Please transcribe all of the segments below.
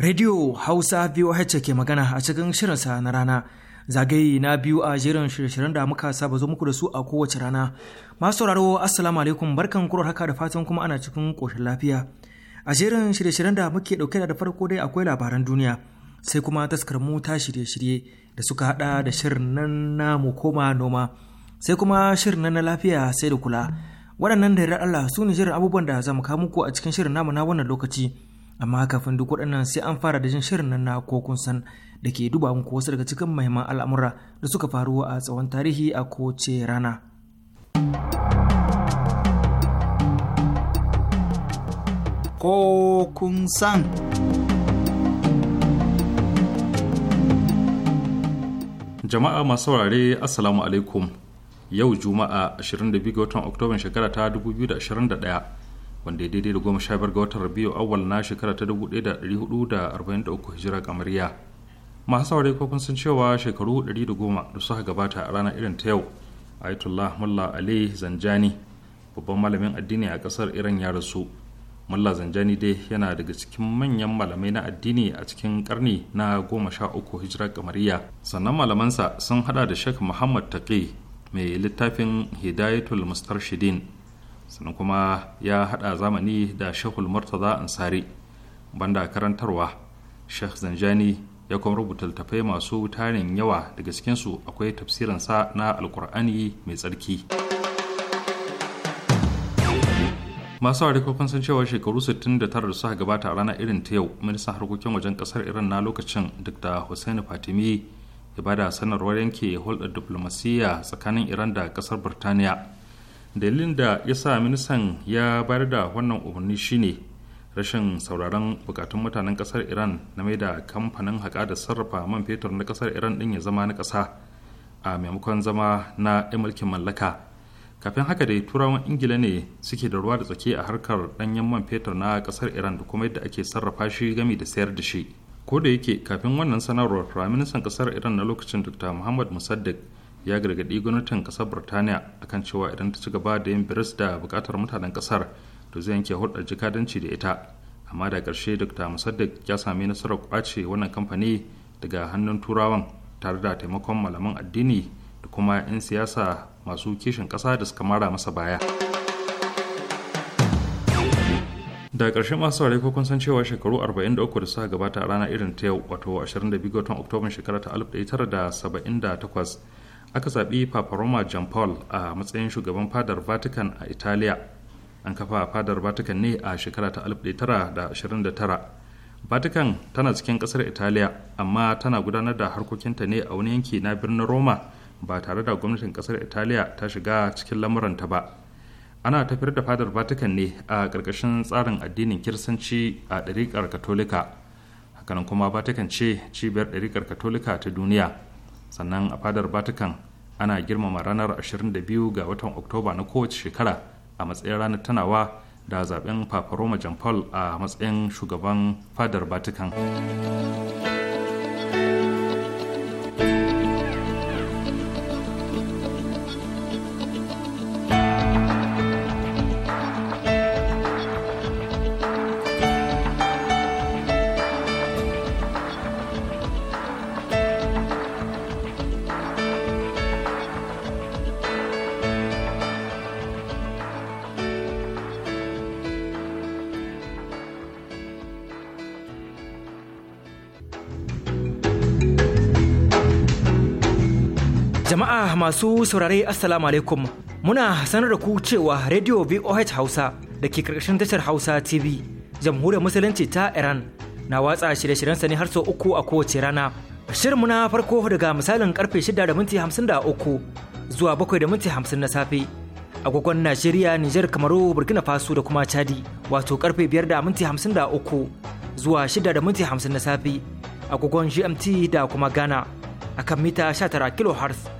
Radio Hausa VOH ke magana a cikin shirinsa na rana. Zagaye na biyu a jerin shirye-shiryen da muka saba zo muku da su a kowace rana. Masu sauraro Assalamu alaikum barkan kuro haka da fatan kuma ana cikin koshin lafiya. A jerin shirye-shiryen da muke ɗauke da farko dai akwai labaran duniya. Sai kuma taskar mu ta shirye-shirye da suka hada da shirin nan na mu koma noma. Sai kuma shirin nan na lafiya sai da kula. Waɗannan da Allah su ne shirin abubuwan da za mu kawo muku a cikin shirin namu na wannan lokaci. amma kafin duk waɗannan sai an fara da jin shirin nan na kokun san da ke duba muku wasu daga cikin mahimman al'amura da suka faru a tsawon tarihi a kowace rana. kokun san. Jama'a masu saurare Assalamu alaikum yau Juma'a 22 ga watan Oktoba shekara ta wanda ya daidai da goma sha biyar ga watan rabiu Awal na shekara ta dubu ɗaya da ɗari hudu da arba'in da uku hijira kamariya masu saurari ko sun cewa shekaru ɗari da goma da suka gabata a ranar irin ta yau ayatollah Mulla ali zanjani babban malamin addini a ƙasar iran ya rasu Mulla zanjani dai yana daga cikin manyan malamai na addini a cikin karni na goma sha uku hijira kamariya sannan malamansa sun hada da sheikh muhammad taqi mai littafin hidayatul mustarshidin sannan kuma ya hada zamani da shehul murtaza ansari banda karantarwa sheikh zanjani ya kuma rubuta littattafai masu tarin yawa daga su akwai tafsirinsa na alkur'ani mai tsarki masu harkokin san cewa shekaru 69 da suka gabata a ranar irin ta yau ministan harkokin wajen kasar iran na lokacin duk da hussein fatimi ya bada sanarwar yanke hulɗar diplomasiyya tsakanin iran da kasar birtaniya dalilin da ya sa ministan ya bayar da wannan umarni shine rashin sauraron bukatun mutanen kasar iran na mai da kamfanin haka da sarrafa man fetur na kasar iran din ya zama na ƙasa a maimakon zama na mulkin mallaka kafin haka dai turawan ingila ne suke da ruwa da tsaki a harkar ɗanyen man fetur na kasar iran da kuma yadda ake sarrafa shi gami da sayar da shi ko da yake kafin wannan sanarwar firaministan kasar iran na lokacin dr muhammad musaddiq ya gargaɗi gwamnatin ƙasar burtaniya akan cewa idan ta ci gaba da yin biris da buƙatar mutanen ƙasar to zai yanke hulɗar jikadanci da ita amma da ƙarshe dr musaddiq ya sami nasarar kwace wannan kamfani daga hannun turawan tare da taimakon malaman addini da kuma 'yan siyasa masu kishin ƙasa da suka mara masa baya da ƙarshe masu saurari ko kun san cewa shekaru 43 da suka gabata a rana irin ta yau wato 22 ga watan oktoba shekara 1978 aka zaɓi papa roma john paul a matsayin shugaban fadar vatican a italiya an kafa fadar vatican ne a shekara ta 1929 vatican tana cikin ƙasar italiya amma tana gudanar da harkokinta ne a wani yanki na birnin roma ba tare da gwamnatin ƙasar italiya ta shiga cikin lamuranta ba ana tafiyar da fadar vatican ne a ƙarƙashin tsarin addinin kirsanci a ɗariƙar katolika hakanan kuma vatican ce cibiyar ɗariƙar katolika ta duniya sannan a fadar vatican ana girmama ranar 22 ga watan oktoba na kowace shekara a matsayin ranar tanawa da zaben papa roma jean paul a matsayin shugaban fadar vatican masu saurare assalamu alaikum muna sanar da ku cewa radio voh hausa da ke karkashin tashar hausa tv jamhuriyar musulunci ta iran na watsa shirye-shiryen ne har sau uku a kowace rana shirinmu muna farko daga misalin karfe shida zuwa bakwai da na safe agogon najeriya nijer kamaru burkina faso da kuma chadi wato karfe biyar da zuwa shida na safe agogon gmt da kuma ghana akan mita 19 kilohertz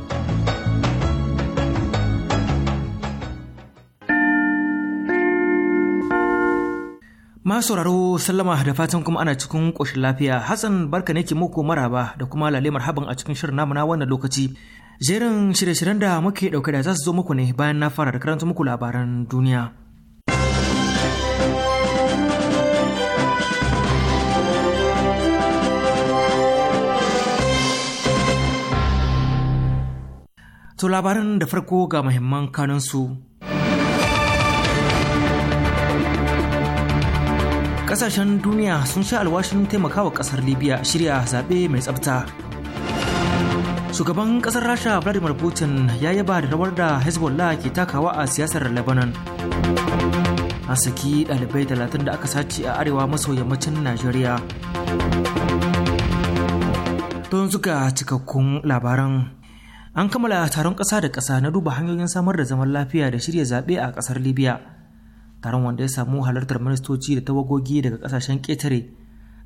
masauraro sauraro sallama da fatan kuma ana cikin ƙoshin lafiya Hassan barka ne ke muku maraba da kuma lalemar haban a cikin shirin namuna wannan lokaci. Jerin shirye-shiryen da muke ɗauke da za su zo muku ne bayan na fara da karanta muku labaran duniya. To labaran da farko ga muhimman kanunsu. kasashen duniya sun sha alwashin taimakawa kasar libya shirya zaɓe mai tsafta shugaban kasar rasha vladimir putin ya yaba da rawar da hezbollah ke takawa a siyasar lebanon A saki ɗalibai talatin da aka sace a arewa maso yammacin najeriya don zuga cikakkun labaran an kammala taron ƙasa da ƙasa na duba hanyoyin samar da zaman lafiya da shirya zaɓe a ƙasar libya taron wanda ya samu halartar ministoci da tawagogi daga kasashen ƙetare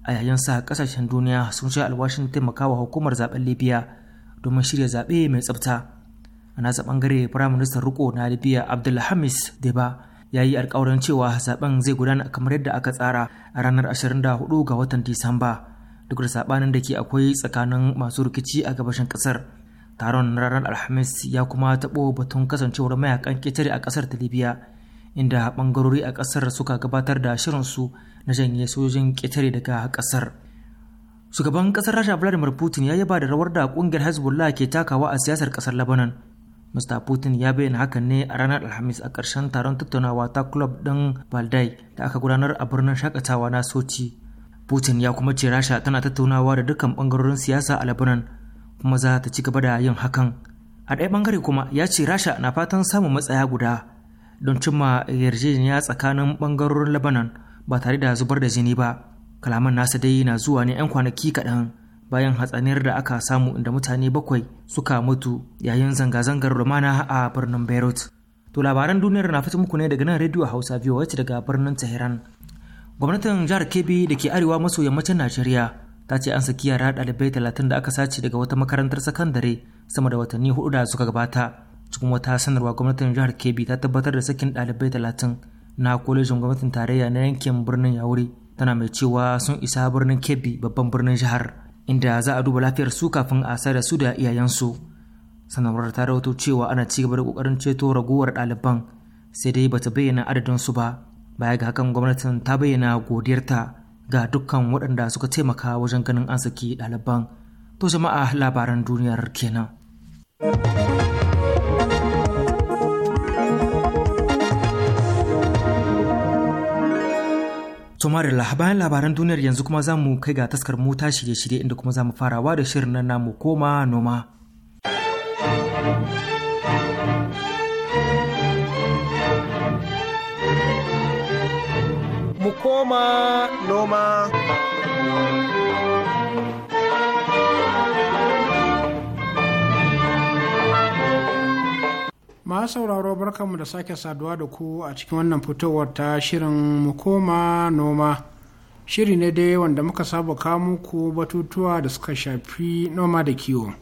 a yayin sa kasashen duniya sun sha alwashin taimakawa hukumar zaben libya domin shirya zaɓe mai tsafta a nasa ɓangare ministan riko na libya abdulhamis deba ya yi alkawarin cewa zaben zai gudana kamar yadda aka tsara a ranar 24 ga watan disamba duk da sabanin da ke akwai tsakanin masu rikici a gabashin kasar taron ranar alhamis ya kuma taɓo batun kasancewar mayakan ketare a kasar ta libya inda bangarori a kasar suka gabatar da shirinsu na janye sojojin ƙetare daga kasar shugaban kasar rasha vladimir putin ya yaba da rawar da kungiyar hezbollah ke takawa a siyasar kasar lebanon mr putin ya bayyana hakan ne a ranar alhamis a ƙarshen taron tattaunawa ta club din balday da aka gudanar a birnin shakatawa na sochi putin ya kuma ce rasha tana tattaunawa da dukkan bangarorin siyasa a lebanon kuma za ta ci gaba da yin hakan a ɗaya bangare kuma ya ce rasha na fatan samun matsaya guda don cimma yarjejeniya tsakanin bangarorin Lebanon ba tare da zubar da jini ba. Kalaman nasa dai na zuwa ne 'yan kwanaki kaɗan bayan hatsaniyar da aka samu inda mutane bakwai suka mutu yayin zanga-zangar lumana a birnin Beirut. To labaran duniyar na fita muku ne daga nan rediyo Hausa biyu wacce daga birnin Tehran. Gwamnatin jihar Kebbi da ke arewa maso yammacin Najeriya ta ce an saki yara ɗalibai talatin da aka sace daga wata makarantar sakandare sama da watanni hudu da suka gabata. cikin wata sanarwa gwamnatin jihar kebbi ta tabbatar da sakin dalibai talatin na kwalejin gwamnatin tarayya na yankin birnin yauri tana mai cewa sun isa birnin kebbi babban birnin jihar inda za a duba lafiyar su kafin a da su da iyayensu sanarwar ta rawato cewa ana ci gaba da kokarin ceto raguwar ɗaliban sai dai bata bayyana adadin su ba baya ga hakan gwamnatin ta bayyana godiyarta ga dukkan waɗanda suka taimaka wajen ganin an saki ɗaliban to jama'a labaran duniyar kenan. Tomarilla bayan labaran duniyar yanzu kuma za mu kai ga taskar mota shirye-shirye inda kuma za mu farawa da shirin nan namu koma noma. Mu koma noma. masu sauraro barkanmu da sake saduwa da ku a cikin wannan fitowar ta shirin mu koma noma shiri ne dai wanda muka saba kamu ko batutuwa da suka shafi noma da kiwo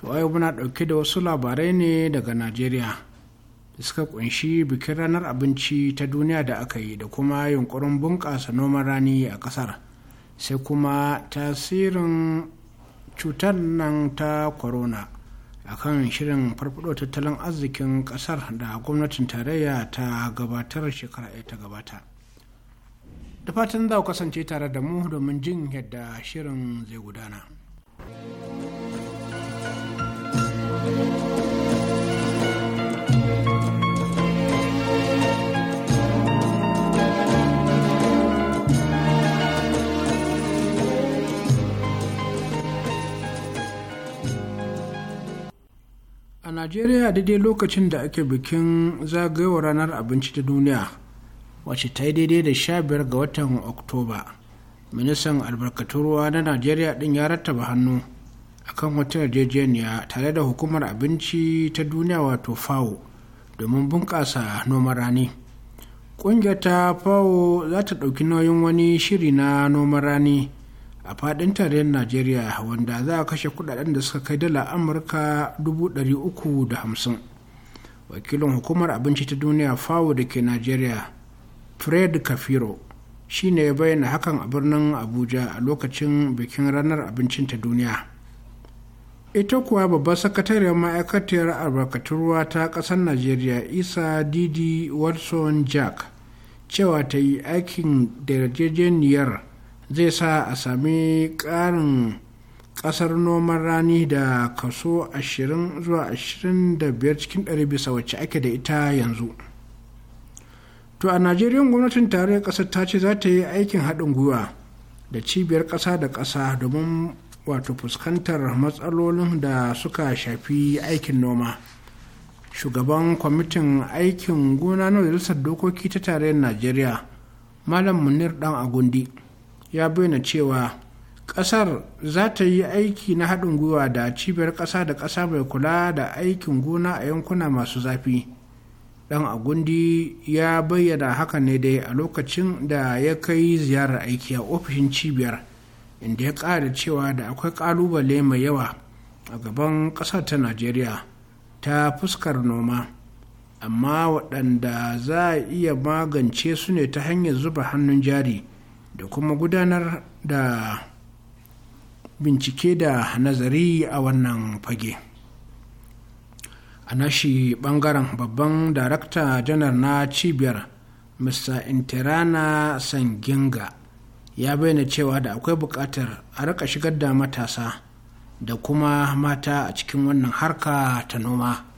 to ayo muna ɗauke da wasu labarai ne daga najeriya da suka kunshi bikin ranar abinci ta duniya da aka yi da kuma yunkurin bunƙasa noman rani a ƙasar sai kuma tasirin cutar nan ta corona akan shirin farfado tattalin arzikin kasar da gwamnatin tarayya ta gabatar shekara ta gabata da fatan za ku kasance tare da mu domin jin yadda shirin zai gudana. thank you najeriya daidai lokacin da ake bikin zagayowar ranar abinci ta duniya wacce ta yi daidai da sha biyar ga watan oktoba ministan albarkatun ruwa na najeriya din ya rattaba hannu akan wata yarjejeniya tare da hukumar abinci ta duniya wato fawo domin bunƙasa noman rani ƙungiyar ta fawo za ta ɗauki nauyin wani shiri na noman rani a fadin tarayyar najeriya wanda za a kashe kudaden da suka kai dala amurka 350 wakilin hukumar abinci ta duniya fawo da ke najeriya fred kafiro shine ya bayyana hakan a birnin abuja a lokacin bikin ranar abincin ta duniya ita kuwa babbar sakatariyar ma'aikatar albarkatun ruwa ta ƙasar najeriya isa didi watson jack cewa ta yi aikin da yarjejeniyar zai sa a sami ƙarin ƙasar noman rani da kaso 20 zuwa 25 cikin 100 bisa wacce ake da ita yanzu to a najeriya gwamnatin tarayyar ƙasar ta ce za ta yi aikin haɗin gwiwa da cibiyar ƙasa da ƙasa domin wato fuskantar matsalolin da suka shafi aikin noma shugaban kwamitin aikin gona na majalisar dokoki ta tarayyar najeriya malam munir dan agundi ya bayyana cewa ƙasar za ta yi aiki na haɗin gwiwa da cibiyar ƙasa da ƙasa mai kula da aikin gona a yankuna masu zafi ɗan agundi ya bayyana haka ne dai a lokacin da ya kai ziyarar aiki a ofishin cibiyar inda ya ƙara cewa da akwai ƙalubale mai yawa a gaban ƙasar ta najeriya ta fuskar noma amma waɗanda za a iya magance su ne ta hanyar zuba hannun jari da kuma gudanar da bincike da nazari a wannan fage a nashi bangaren babban darakta janar na cibiyar mr interana sanginga ya bayyana cewa da akwai buƙatar a rika shigar da matasa da kuma mata a cikin wannan harka ta noma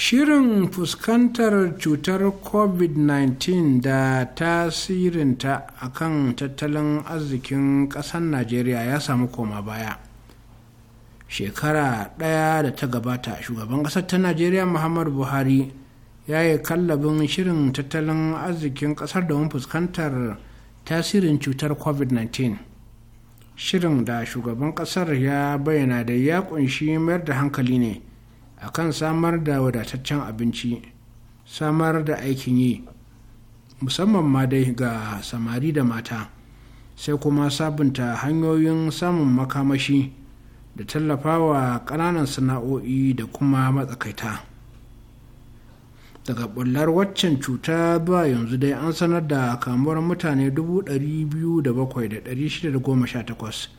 Shirin fuskantar cutar COVID-19 da tasirinta a kan tattalin arzikin ƙasar Najeriya ya samu koma baya. Shekara ɗaya da ta gabata, shugaban ƙasar ta Najeriya Muhammadu Buhari ya yi kallabin shirin tattalin arzikin ƙasar da domin fuskantar tasirin cutar COVID-19. Shirin da shugaban ƙasar ya bayyana da ya ƙunshi mayar da hankali ne. a kan samar da wadataccen abinci samar da aikin yi musamman ma dai ga samari da mata sai kuma sabunta hanyoyin samun makamashi da tallafawa ƙananan sana'o'i da kuma matsakaita daga bullar waccan cuta zuwa yanzu dai an sanar da kamuwar mutane 207,618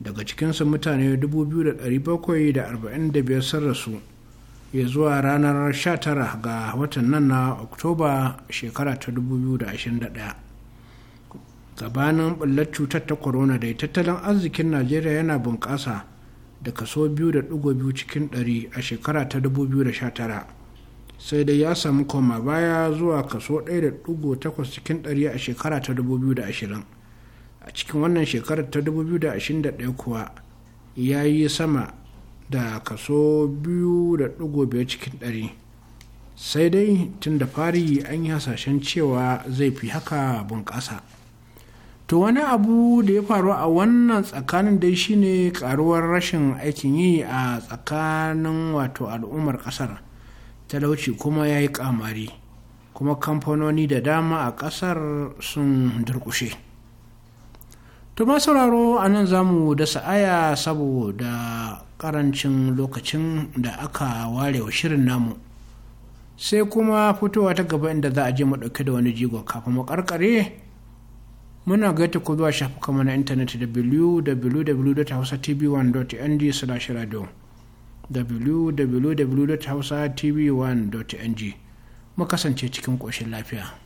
daga cikinsu mutane 2,745 sun rasu ya zuwa ranar 19 ga watan nan na oktoba shekara ta 2021 gabanin ɓullar cutar ta corona da tattalin arzikin najeriya yana bunƙasa da kaso 2.2 cikin 100 a shekara ta 2019 sai dai ya samu koma baya zuwa kaso 1.8 cikin 100 a shekara ta 2020 a cikin wannan shekarar ta 2021 kuwa ya yi sama da kaso 2.5 cikin 100 sai dai tun da fari an yi hasashen cewa zai fi haka bunƙasa to wani abu da ya faru a wannan tsakanin dai shine karuwar rashin aikin yi a tsakanin wato al'ummar ƙasar talauci kuma ya yi kamari kuma kamfanoni da dama a ƙasar sun durƙushe. To ma sauraro a nan za mu dasa aya saboda karancin lokacin da aka ware wa shirin namu. Sai kuma fitowa ta gaba inda za a je mu ɗauke da wani jigo kafin mu karkare muna gaita ku zuwa shafuka na intanet www.hausatv1.ng slash radio www.hausatv1.ng mu kasance cikin ƙoshin lafiya.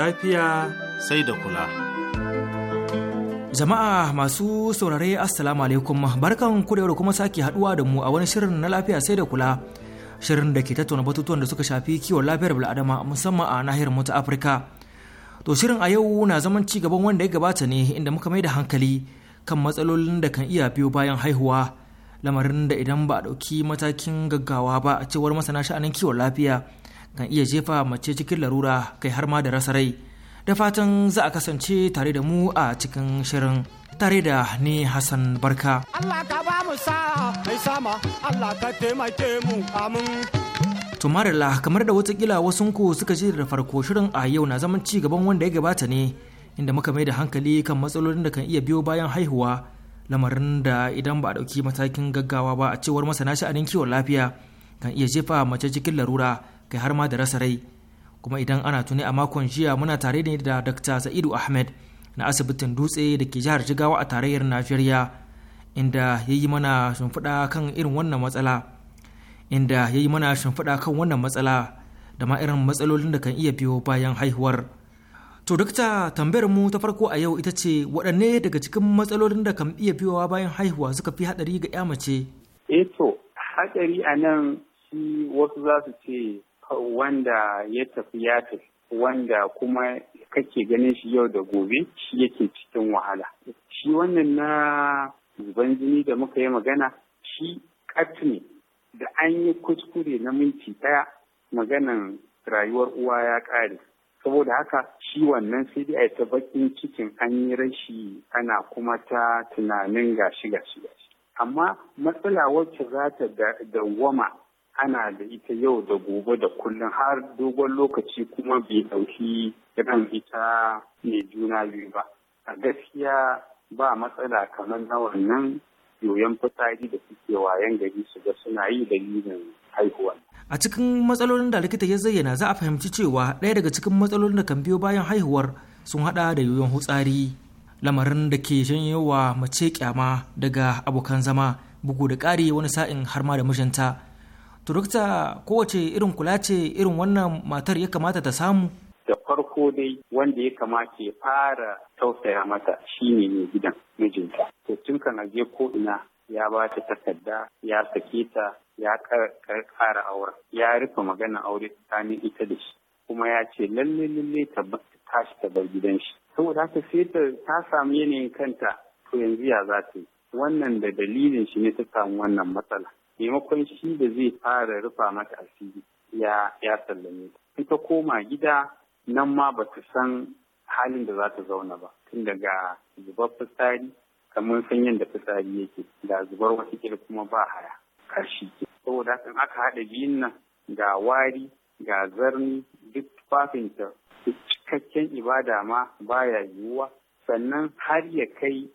lafiya sai da kula. Jama'a masu saurare Assalamu alaikum barkan ku da kuma sake haduwa da mu a wani shirin na lafiya sai da kula. Shirin da ke tattauna batutuwan da suka shafi kiwon lafiyar bil'adama musamman a nahiyar mota Afirka. To shirin a yau na zaman ci gaban wanda ya gabata ne inda muka mai da hankali kan matsalolin da kan iya biyo bayan haihuwa lamarin da idan ba a ɗauki matakin gaggawa ba a cewar masana sha'anin kiwon lafiya kan iya jefa mace cikin larura kai har ma da rasa rai da fatan za a kasance tare da mu a cikin shirin tare da ni hassan barka Allah ka ba mu kai sama Allah ka taimake mu amin marilla kamar da watakila ku suka ji da farko shirin a yau na zaman ci gaban wanda ya gabata ne inda muka mai da hankali kan matsalolin da kan iya biyo bayan haihuwa lamarin da idan ba a ɗauki matakin gaggawa ba a cewar masana sha'anin kiwon lafiya kan iya jefa mace cikin larura kai har ma da rasa rai kuma idan ana tuni a makon jiya muna tare ne da dr sa'idu ahmed na asibitin dutse da ke jihar jigawa a tarayyar najeriya inda ya yi mana shimfiɗa kan irin wannan matsala inda ya yi mana shimfiɗa kan wannan matsala da ma irin matsalolin da kan iya biyo bayan haihuwar to dukta tambayar mu ta farko a yau ita ce waɗanne daga cikin matsalolin da kan iya biyowa bayan haihuwa suka fi haɗari ga ya mace eh to haɗari a nan shi wasu za su ce wanda ya tafi ya tafi wanda kuma kake ganin shi yau da gobe shi yake cikin wahala shi wannan na zuban jini da muka yi magana shi katne da an yi kuskure na minti ɗaya maganan rayuwar uwa ya ƙare saboda haka shi wannan sai dai a ta bakin cikin an yi rashi ana kuma ta tunanin gashi gashi gashi amma matsala wacce za ta dawwama ana da ita yau da gobe da kullum har dogon lokaci kuma bai ɗauki ran ita mai juna biyu ba a gaskiya ba matsala kamar na wannan yoyon fitsari da suke wayan gari su ga suna yi dalilin haihuwa. A cikin matsalolin da likita ya zayyana za a fahimci cewa ɗaya daga cikin matsalolin da kan biyo bayan haihuwar sun haɗa da yoyon hutsari lamarin da ke janyo wa mace kyama daga abokan zama bugu da ƙari wani sa'in har ma da mijinta turukta kowace irin kula ce irin wannan matar ya kamata ta samu da farko dai wanda ya kamata ya fara tausaya mata shi ne gidan mijinta to tun kan aje ko ina ya ba ta takarda ya sake ta ya kara auren ya rufe magana aure tsakanin ita da shi kuma ya ce lalle lalle ta tashi ta bar gidan shi saboda haka sai ta ta samu yanayin kanta to yanzu ya za ta yi wannan da dalilin shi ne ta samu wannan matsala maimakon shi da zai fara rufa mata asiri ya ya sallame ta in ta koma gida nan ma ba ta san halin da za ta zauna ba tun daga zubar fitsari kamar sanyin da fitsari yake da zubar wata kila kuma ba haya ke. saboda kan aka haɗa biyun nan ga wari ga zarni duk tufafinta cikakken ibada ma baya yiwuwa sannan har ya kai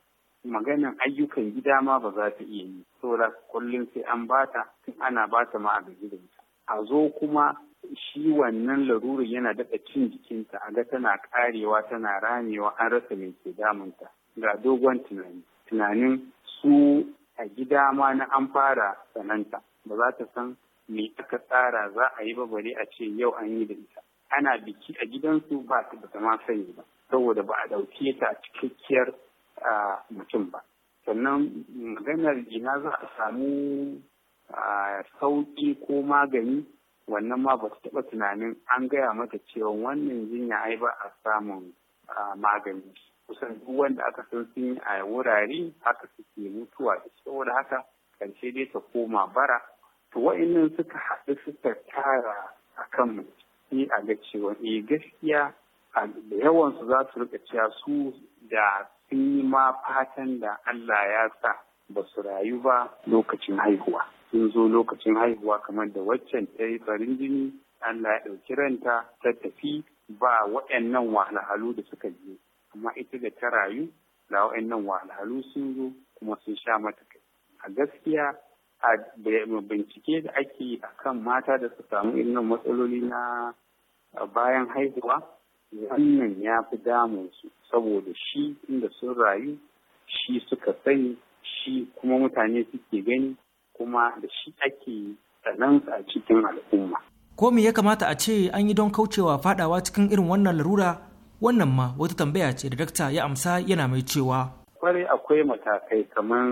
maganan ayyukan gida ma ba za ta iya yi saboda kullum sai an bata tun ana bata ma a gaji da ita a zo kuma shi wannan larurin yana daɗa cin jikinta a ga tana karewa tana ramewa an rasa mai ke damunta ga dogon tunani tunanin su a gida ma na an fara sananta ba za ta san me aka tsara za a yi ba bare a ce yau an yi da ita ana biki a gidansu ba ta ba ma sani ba saboda ba a ɗauke ta cikakkiyar a mutum ba sannan maganar jina za a samu sauƙi ko magani wannan ma ba su taɓa tunanin an gaya mata cewa wannan jinya ai ba a samun magani kusan duk wanda aka san sun yi a wurare haka suke mutuwa da saboda haka karshe dai ta koma bara to wa'annan suka haɗu suka tara a kanmu sai a ga cewa eh gaskiya da yawansu za su rika cewa su da sun yi ma fatan da Allah ya sa ba su rayu ba lokacin haihuwa. Sun zo lokacin haihuwa kamar da waccan ta yi farin jini, Allah ya ɗauki ranta ta tafi ba waɗannan wahalhalu da suka je. Amma ita da ta rayu, da waɗannan wahalhalu sun zo kuma sun sha mata kai. A gaskiya a bincike da ake yi akan mata da su samu irin matsaloli na bayan haihuwa wannan ya fi damun su saboda shi inda sun rayu shi suka sani shi kuma mutane suke gani kuma da shi ake tsanansa a cikin al'umma. Ko me ya kamata a ce an yi don kaucewa fadawa cikin irin wannan larura? Wannan ma wata tambaya ce da dakta ya amsa yana mai cewa. Kwarai akwai matakai kamar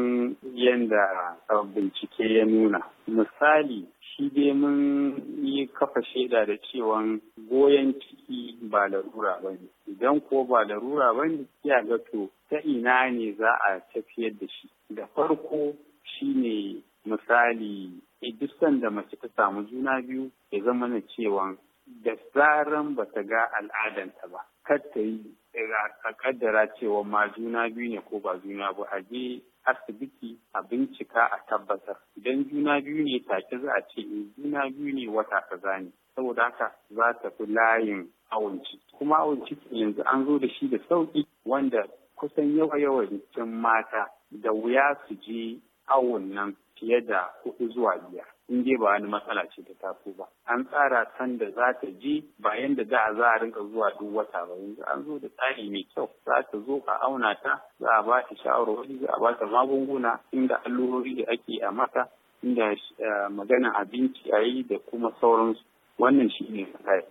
yadda bincike ya nuna. Misali shi dai mun yi kafa shaida da cewa goyon ciki ba larura ba ne idan ko ba larura ba ne ya ga to ta ina ne za a tafiyar da shi da farko shine misali eh, duk da mace ta samu juna biyu ya zama na cewa da zaran ba ta ga al'adanta ba kar ta yi eh, a kaddara cewa ma juna biyu ne ko ba juna ba a je asibiti a bincika a tabbatar idan juna biyu ne take za a ce in eh, juna biyu ne wata kaza ne saboda haka za ta fi layin awon ciki kuma awon ciki yanzu an zo da shi da sauki wanda kusan yawa yawancin mata da wuya su je awon nan fiye da hudu zuwa biyar in dai ba wani matsala ce ta taso ba an tsara sanda da za ta ji ba yanda za a za a rinka zuwa duk wata ba yanzu an zo da tsari mai kyau za ta zo a auna ta za a ba ta shawarwari za a ba ta magunguna inda allurori da ake a mata inda eh, magana abinci a yi da kuma sauransu wannan shi ne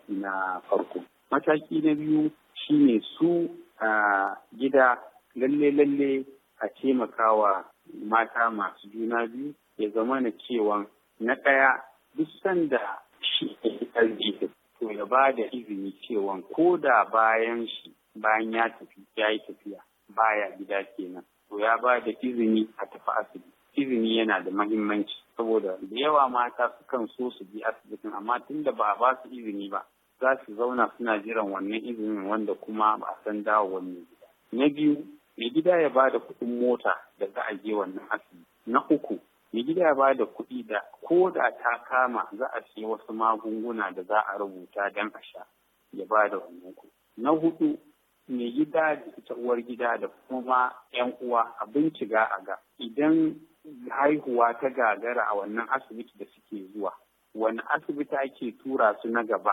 na farko mataki na biyu shi ne su a gida lalle-lalle a taimakawa mata masu juna biyu ya zama na cewa na ɗaya duk sanda shi ke ƙarfi to ya ba da izini cewa ko da bayan shi bayan ya tafi ya yi tafiya baya gida kenan to ya ba da izini a tafi asibiti izini yana da mahimmanci saboda da yawa mata sukan so su bi asibitin amma da ba a ba su izini ba za su zauna suna jiran wannan izinin wanda kuma ba a san dawo wani gida na biyu mai gida ya ba da kuɗin mota da za a je wannan asibiti na uku mai gida ya da kuɗi da ko da ta kama za a siya wasu magunguna da za a rubuta don a sha ya ba da wannan kuɗi na hudu mai gida da ita uwar gida da kuma ma yan uwa a ga a ga idan haihuwa ta gagara a wannan asibiti da suke zuwa wani asibiti ake tura su na gaba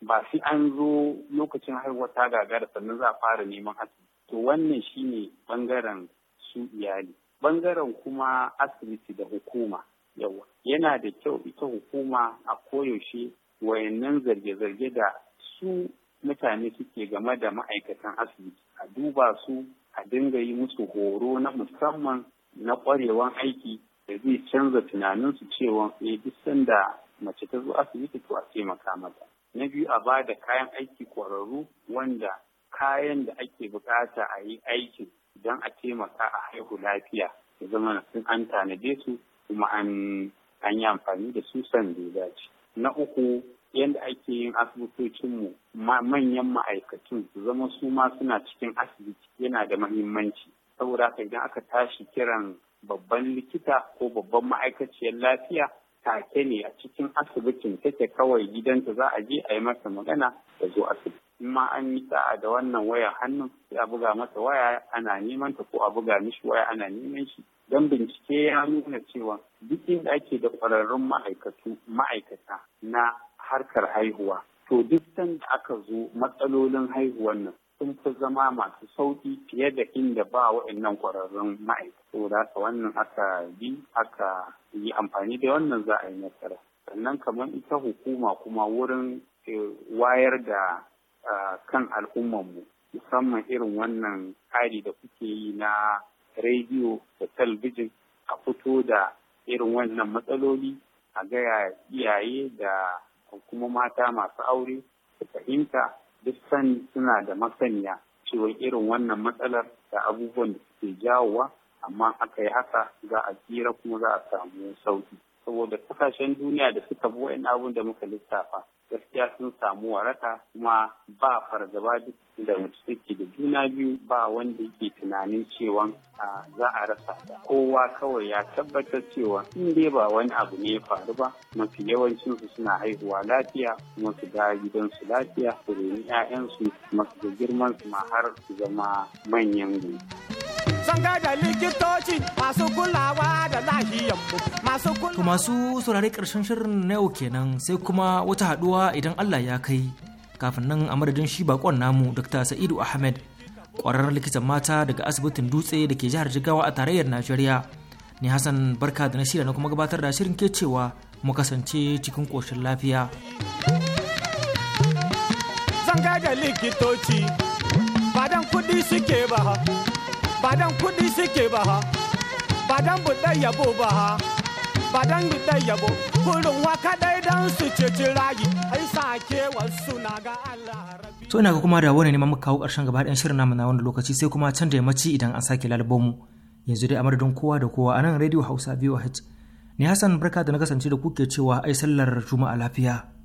ba sai an zo lokacin haihuwa ta gagara sannan za a fara neman asibiti to wannan shine ɓangaren su iyali bangaren kuma asibiti da hukuma yawa yana da kyau ita hukuma a koyaushe wayannan zarge-zarge da su mutane suke game da ma'aikatan asibiti a duba su a dinga yi musu horo na musamman na ƙwarewan aiki da zai canza tunaninsu cewa eh duk sanda mace ta zo asibiti to a taimaka mata na biyu a ba da kayan aiki ƙwararru wanda kayan da ake bukata a yi aikin Idan a taimaka a haihu lafiya ya zama sun an tanade su kuma an yi amfani da su san da na uku yadda ake yin asibitocin mu, manyan ma'aikatun su zama su ma suna cikin asibiti yana da mahimmanci saboda haka idan aka tashi kiran babban likita ko babban ma'aikaciyar lafiya take ne a cikin asibitin take kawai gidanta za a je a yi masa magana da zo asibiti in ma an yi sa'a da wannan wayar hannun sai a buga masa waya ana neman ta ko a buga mishi waya ana neman shi don bincike ya nuna cewa duk inda ake da kwararrun ma'aikatu ma'aikata na harkar haihuwa to duk sanda aka zo matsalolin haihuwan nan sun fi zama masu sauƙi fiye da inda ba waɗannan kwararrun ma'aikata da haka wannan aka bi aka yi amfani da wannan za a yi nasara sannan kamar ita hukuma kuma wurin eh, wayar da kan al'ummanmu musamman irin wannan tsari da kuke yi na rediyo da talbijin a fito da irin wannan matsaloli a gaya iyaye da kuma mata masu aure su fahimta duk san suna da masaniya cewa irin wannan matsalar da abubuwan da suke jawowa amma aka yi haka za a tsira kuma za a samu sauki. saboda kasashen duniya da suka bi wa'in abun da muka lissafa gaskiya sun samu waraka kuma ba fargaba duk da suke da juna biyu ba wanda yake tunanin cewa za a rasa kowa kawai ya tabbatar cewa in dai ba wani abu ne ya faru ba mafi yawancin su suna haihuwa lafiya kuma su ga gidansu lafiya su reni 'ya'yansu masu da girman su ma har su zama manyan gobe. likitoci To masu saurare karshen shirin na yau kenan sai kuma wata haduwa idan Allah ya kai kafin nan a madadin shi bakon namu Dr. Sa'idu Ahmed kwararren likitan mata daga asibitin dutse da ke jihar Jigawa a tarayyar Najeriya. Ni Hassan barka da na shirya na kuma gabatar da shirin ke cewa mu kasance cikin koshin lafiya. Zanga da likitoci, badan kuɗi suke ba ba dan kuɗi suke ba ha ba dan buɗe yabo ba ha ba dan buɗe yabo kurin waka dai dan su ceci rayu ai sake wasu na ga Allah to ina ga kuma da wani neman kawo ƙarshen gaba ɗayan shirin namu na wani lokaci sai kuma can da yammaci idan an sake lalubo mu yanzu dai a madadin kowa da kowa a nan radio hausa voh ne hassan barka da na kasance da kuke cewa ai sallar juma'a lafiya